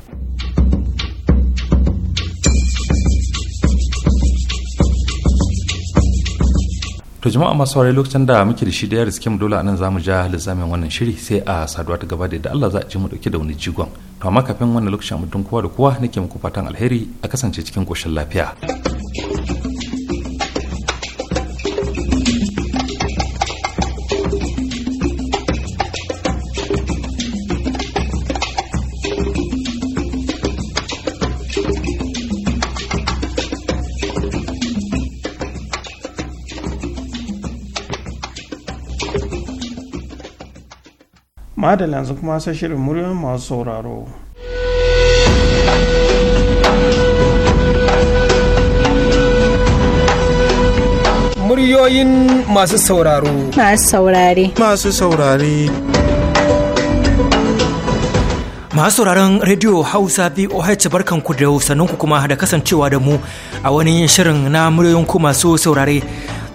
to jama'a masu saurari lokacin da muke da shi da yaris kim dole anan zamu ja lissamin wannan shiri sai a saduwa ta gaba da yadda Allah za a ji mu dauke da wani jigon to amma kafin wannan lokacin mutum kowa da kowa nake muku fatan alheri a kasance cikin koshin lafiya madalla yanzu kuma sai shirin murya masu sauraro muryoyin masu sauraro masu saurare masu saurare masu sauraron rediyo hausa voh barkanku da sannunku kuma da kasancewa da mu a wani shirin na muryoyin ku masu saurare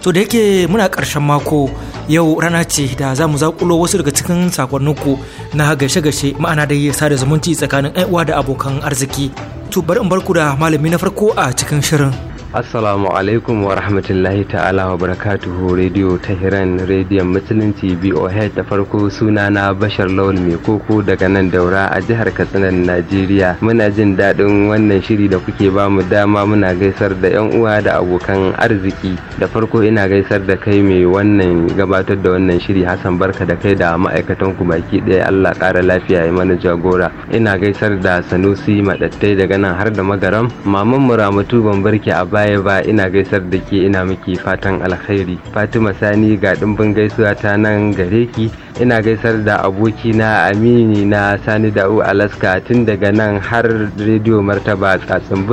to da yake muna ƙarshen mako yau rana ce da za mu zaƙulo wasu daga cikin sakonninku na gashe-gashe ma'ana da sada zumunci tsakanin uwa da abokan arziki. To bari in barku da malami na farko a cikin shirin. Assalamu alaikum wa rahmatullahi ta'ala wa barakatuhu Radio Tahiran rediyon Musulunci BOH da farko suna na Bashar Lawal mai koko daga nan daura a jihar Katsina Najeriya. Muna jin daɗin wannan shiri da kuke ba mu dama muna gaisar da yan uwa da abokan arziki. Da farko ina gaisar da kai mai wannan gabatar da wannan shiri Hassan Barka da kai da ma'aikatan ku baki ɗaya Allah ƙara lafiya ya mana jagora. Ina gaisar da Sanusi Maɗattai daga nan har da Magaram. Maman Muramatu Bambarki a ba ina gaisar da ke ina miki fatan alkhairi. Fatima Sani ga dimbin gaisuwa ta nan gare ki ina gaisar da abokina Amini na Sani Da'u Alaska tun daga nan har rediyo martaba tsatsin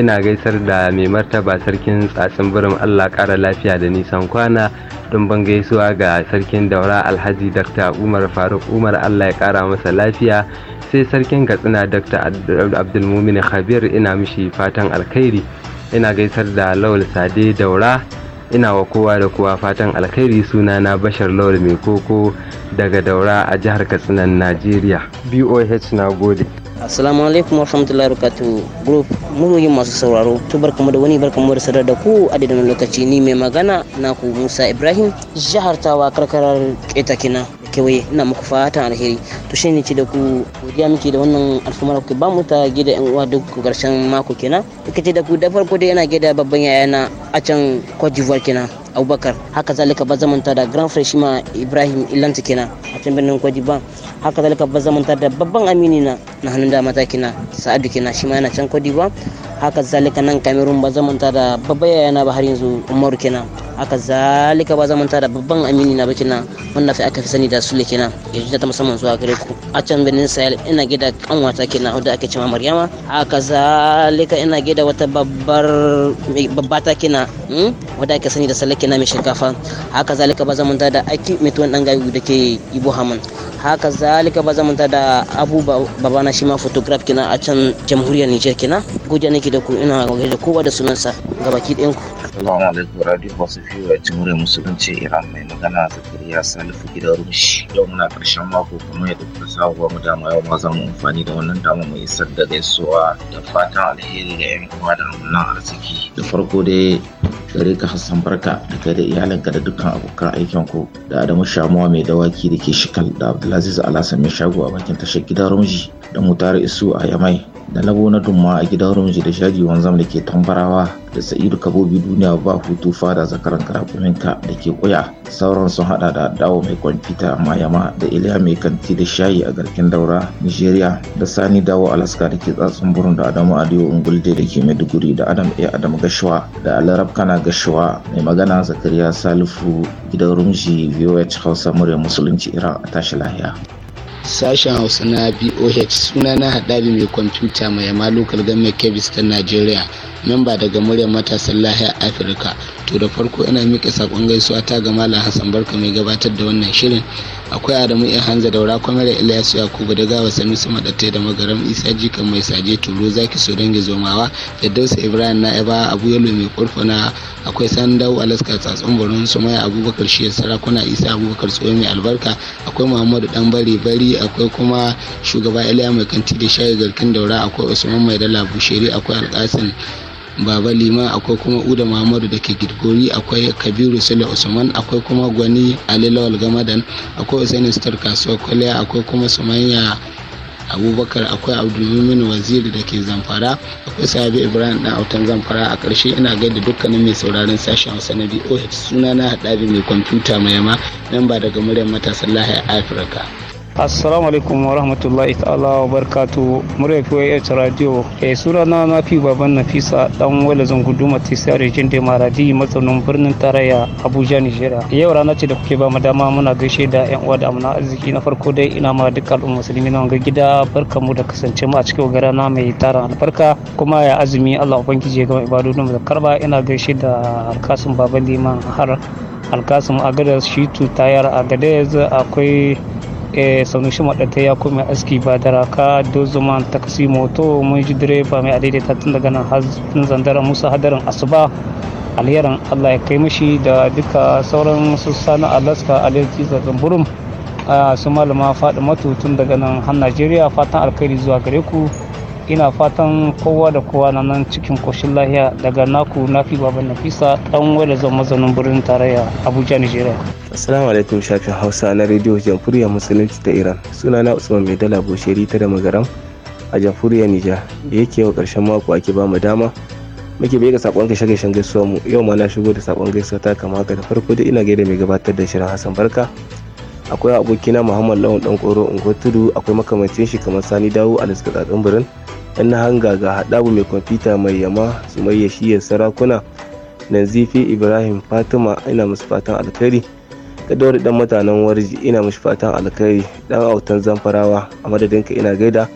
ina gaisar da mai martaba sarkin tsatsin birin Allah kara lafiya da nisan kwana dimbin gaisuwa ga sarkin daura alhaji Dr. Umar Faruk Umar Allah ya kara masa lafiya sai sarkin katsina Dr. Abdulmumin Khabir ina mishi fatan alkhairi ina gaisar da lawal sade daura ina wa kowa da kowa fatan alkhairi suna na bashar lawal mai koko daga daura a jihar katsinan najeriya boh na gode assalamu alaikum warahmatullahi wabarakatuh group muryoyin masu sauraro to kama da wani barkamu da sadar da ku a lokaci ni mai magana naku musa ibrahim jihar tawa karkarar keta kewaye ina muku fatan alheri to shine ce da ku godiya muke da wannan alfumar ku ba mu ta gida yan uwa duk karshen mako kenan ita ce da ku da farko dai yana gida babban yayana a can Cote d'Ivoire kenan abubakar haka zalika ba zamanta da grand frère shima ibrahim ilanta kina a can birnin kwaji d'Ivoire haka zalika ba zamanta da babban amini na na hannun dama ta kina sa'adu kenan shima yana can kwaji d'Ivoire haka zalika nan kamerun ba zamanta da babban yayana ba har yanzu umar kenan haka zalika ba zamanta da babban amini na ba kenan wanda aka fi sani da sule kenan gajiya ta musamman zuwa gare ku a can birnin sahel ina gida kanwata ke na da ake cewa maryama haka zalika ina gida wata babbar babba ta kina hmm, wadda ake sani da salake na mai shinkafa haka zalika ba zamu da aiki mai tuwon dan gayu da ke ibo haman haka zalika ba zamu da abu babana na shi ma photograph kina a can jamhuriyar niger kina godiya nake da ku ina gaida da kowa da sunansa baki ɗayan ku Assalamu alaikum radio wasu fiye a jamhuriyar musulunci Iran mai magana Zakariya Salifu gidan Rushi yau muna ƙarshen mako kuma yadda kuka samu mu dama yau ma za mu amfani da wannan dama mu isar da gaisuwa da fatan alheri ga 'yan uwa da nan arziki da farko dai gare ka hassan barka da kai da iyalinka da dukkan abokan aikin ku da adamu shamuwa mai dawaki da ke shikal da abdulaziz alhassan mai shago a bakin tashar gidan rumji da mutare isu a yamai da na gona dumma a gidan rumji da shaji wanzam da ke tambarawa da sa'idu kabobi duniya ba hutu fada zakaran karafuminka da ke kuya sauran sun hada da dawo mai kwamfuta a mayama da iliya mai kanti da shayi a garkin daura nigeria da sani dawo alaska da ke tsatsun burin da adamu adiyo ungulde da ke maiduguri da adam a adam gashuwa da alarab kana gashuwa mai magana zakariya salifu gidan rumji voh hausa murya musulunci iran a tashi lahiya Sashen Hausa na BOH sunana Haɗabi mai kwamfuta mai yama Local Government Kebbi ta nigeria. memba daga muryar matasan lahiya afirka to da farko ina miƙa saƙon gaisuwa ta ga malam hassan barka mai gabatar da wannan shirin akwai adamu ya hanza daura kwamar ilyasu yakubu da gawa sami su maɗatai da magaram isa jika mai saje turo zaki so dangi zomawa da dausa ibrahim na eba abu yalo mai kurfuna akwai sandau alaska tsatsun borno sumaya abubakar shiyar sarakuna isa abubakar tsoye mai albarka akwai muhammadu dan bari bari akwai kuma shugaba iliya mai kanti da shayi garkin daura akwai usman mai dala bushiri akwai alkasin baba lima akwai kuma uda mamadu da ke gidgori akwai kabiru sale usman akwai kuma gwani ali lawal gamadan akwai usaini star kasuwa kwalya akwai kuma sumayya abubakar akwai abdulmumin waziri da ke zamfara akwai sahabi ibrahim dan autan zamfara a ƙarshe ina gaida dukkanin mai sauraron sashen hausa na boh suna na haɗari mai kwamfuta mai yama nan ba daga muryar matasan lahiyar afirka assalamu alaikum wa rahmatullahi ta'ala wa barkatu murya PYH radio eh sura na na fi baban nafisa dan wala guduma tisa rejin da maradi matsanin birnin tarayya abuja nigeria yau rana ce da kuke ba mu dama muna gaishe da yan uwa da amana arziki na farko dai ina ma duka al'umma musulmi na wanga gida barka mu da kasance mu a cikin gara na mai tara albarka kuma ya azumi allah ubangiji ya gama ibadu mu da karba ina gaishe da alkasim baban liman har a agadar shitu tayar agadez akwai sanushin maɗata ya kuma aski ba da raka dozuman taksi moto mun ji direba mai ta tun daga nan hazin zandara musa hadarin asuba alherin allah ya kai mashi da duka sauran sassa na alaska alerji a su malama faɗi matu tun daga nan har najeriya fatan alkhairi zuwa gare ku ina fatan kowa da kowa na nan cikin koshin lahiya daga naku nafi baban nafisa dan wada zan mazanin birnin tarayya abuja nigeria assalamu alaikum shafin hausa na rediyo jamhuriyar musulunci ta iran suna na usman mai dala bosheri ta da magaram a jamhuriyar nija da yake yau karshen mako ake ba mu dama muke bai ga sakon gashe gashen gaisuwa mu yau ma na shigo da sakon gaisuwa ta kama haka da farko da ina gaida mai gabatar da shirin hassan barka akwai abokina muhammad lawan dan koro ungo tudu akwai makamancin shi kamar sani dawo a daska tsatsin birin yan na hanga ga haɗabu mai kwamfuta mai yama su mai shiyar sarakuna zifi ibrahim fatima ina musu fatan alkhairi kadawar dan mutanen warji ina musu fatan alkhairi dan autan zamfarawa a madadinka ina gaida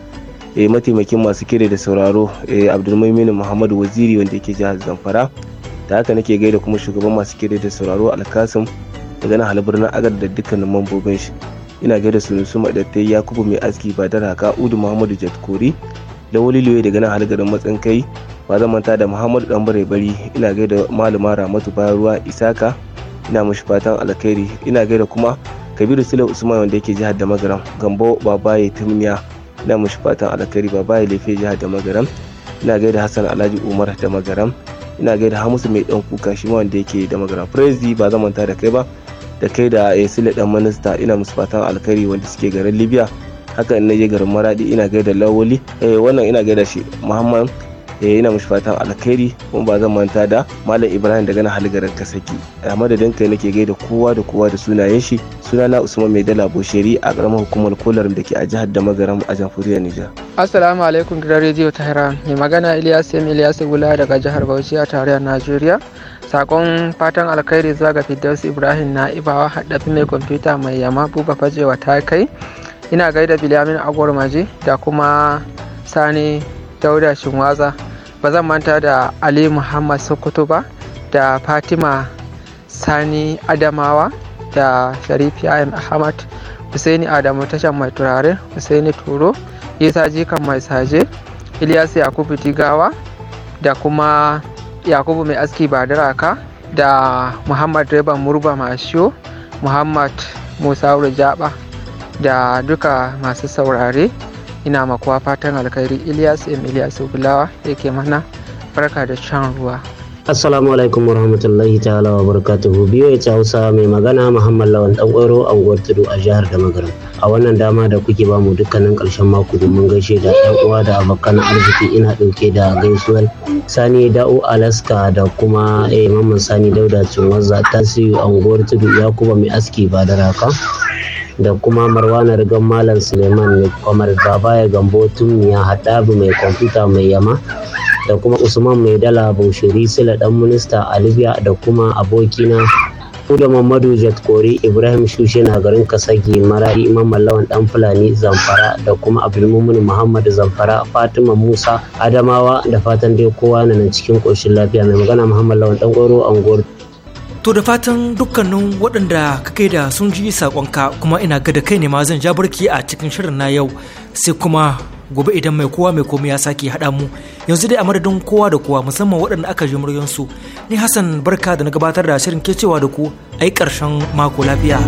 e, mataimakin masu kire da sauraro e, eh, abdulmaimin muhammad waziri wanda yake jihar zamfara da haka nake gaida kuma shugaban masu kire da sauraro alkasim daga nan na agar da dukkanin mambobin shi ina gaida su madattai yakubu mai aski ba da raka udu muhammadu jatkori da liwe daga nan halgarin matsan kai ba zan manta da muhammadu dan bari ina gaida malama ramatu bayan ruwa isaka ina mashi fatan alkhairi ina gaida kuma kabiru sule usman wanda yake jihar da magaram gambo babaye tumiya ina mashi fatan alkhairi babaye lefe jihar da magaram ina gaida hassan alhaji umar da magaram ina gaida hamisu mai dan kuka shi ma wanda yake da magaram prezi ba zan manta da kai ba da kai da eh, sile dan minista ina musu fatan alkhairi wanda suke garin libya haka ina je garin maradi ina gaida lawali eh, wannan ina gaida shi muhammad eh, ina musu fatan alkhairi kuma ba zan manta da malam ibrahim daga nan halgarin kasaki a madadin kai nake gaida kowa da kowa da sunayen shi sunana usman mai dala bosheri a karamar hukumar kolar da ke a jihar da magaram a jamhuriyar nijar asalamu alaikum gidan rediyo tehran mai magana ilyas m ilyas gula daga jihar bauchi a tarayyar najeriya sakon fatan alkhairi zuwa ga firdausi ibrahim na ibawa haɗafi mai kwamfuta mai yama buba fajewa ta kai ina gaida biliyamin agwar maji da kuma sani dauda shinwaza ba zan manta da ali muhammad sokoto ba da fatima sani adamawa da sharif yayin ahmad husaini adamu tashar mai turare Hussaini turo isa jikan mai saje ilyas yakubu Digawa da kuma yakubu mai aski Badaraka, da muhammad Reba murba mashiyo muhammad musa jaba da duka masu saurare ina makuwa fatan alkhairi ilyas m ilyas bulawa yake mana barka da shan ruwa Assalamu alaikum warahmatullahi ta'ala wa barakatuhu biyo ya Hausa mai magana Muhammad Lawan dan Kwaro a unguwar Tudu a jihar Damagaram. A wannan dama da kuke ba mu dukkanin ƙarshen mako domin gaishe da ɗan uwa da abokan arziki ina ɗauke da gaisuwar Sani Da'u Alaska da kuma eh Mamman Sani Dauda ta tasiri a unguwar Tudu Yakuba mai aski ba da raka. da kuma marwana rigan malam suleiman mai kwamar babaya gambo tun ya haɗabu mai kwamfuta mai yama da kuma usman mai dala bushiri sila dan minista a libya da kuma abokina Huda Mamadu Jatkori Ibrahim Shushe na garin Kasagi Marari Imam Mallawan Dan Fulani Zamfara da kuma Abdulmumin Muhammad Zamfara Fatima Musa Adamawa da fatan dai kowa na nan cikin koshin lafiya mai magana Muhammad Lawan Dan Goro Angor. To da fatan dukkanin waɗanda ka kai da sun ji sakonka kuma ina ga da kai ne ma zan ja barki a cikin shirin na yau sai kuma gobe idan mai kowa mai komai ya sake haɗa mu yanzu dai a madadin kowa da kowa musamman waɗanda aka ji muryansu ni hassan barka da na gabatar da shirin ke cewa da ku a yi ƙarshen mako lafiya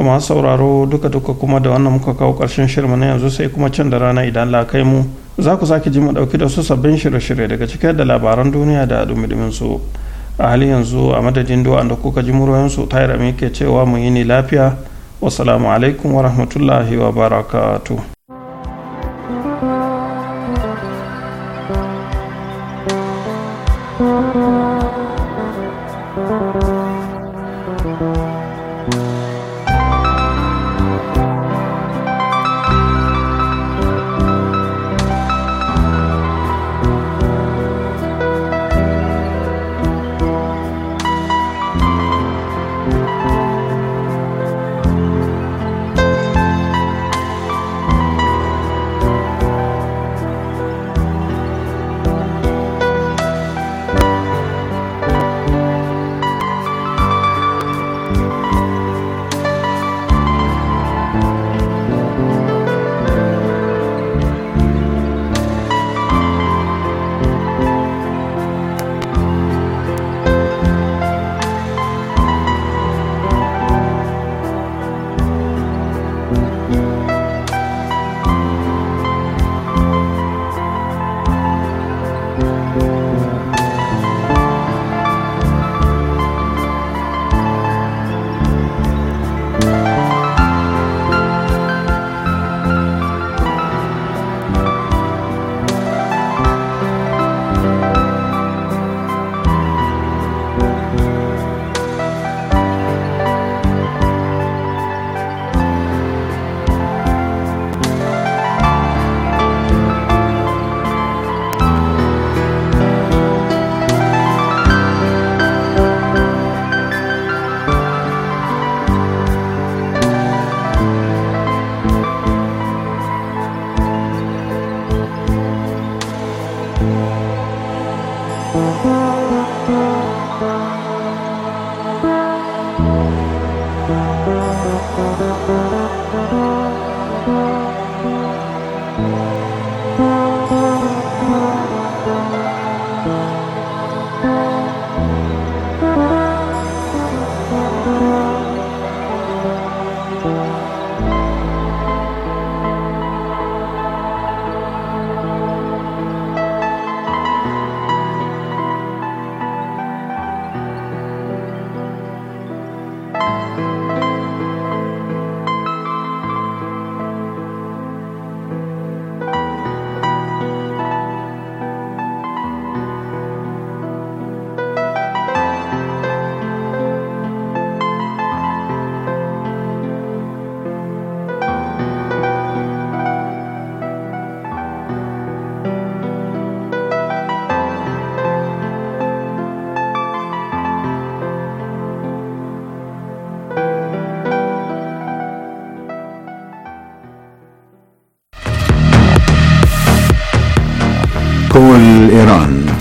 to masu sauraro duka duka kuma da wannan muka kawo ƙarshen shirma na yanzu sai kuma can da rana idan lakai kai mu za ku sake ji mu ɗauki da su sabbin shirye-shirye daga cikin da labaran duniya da dumi su a hali yanzu a madadin do'an da kuka ji yi rami ke cewa mu yi ni lafiya wasu alaikum wa rahmatullahi wa barakatu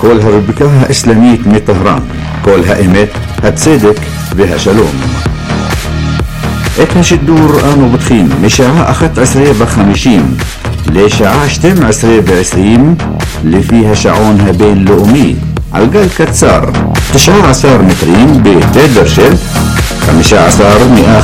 كلها ربكاها إسلامية من طهران كلها إيمت هتصدق بها شلوم إتنش الدور آنو بتخيم مشاعة أخت عسرية بخمشيم لشاعة شتم عسرية بعسريم اللي فيها شعونها بين لؤمي عالقال كتسار تشعر عسار مترين بتدرشل خمشة عسار مئة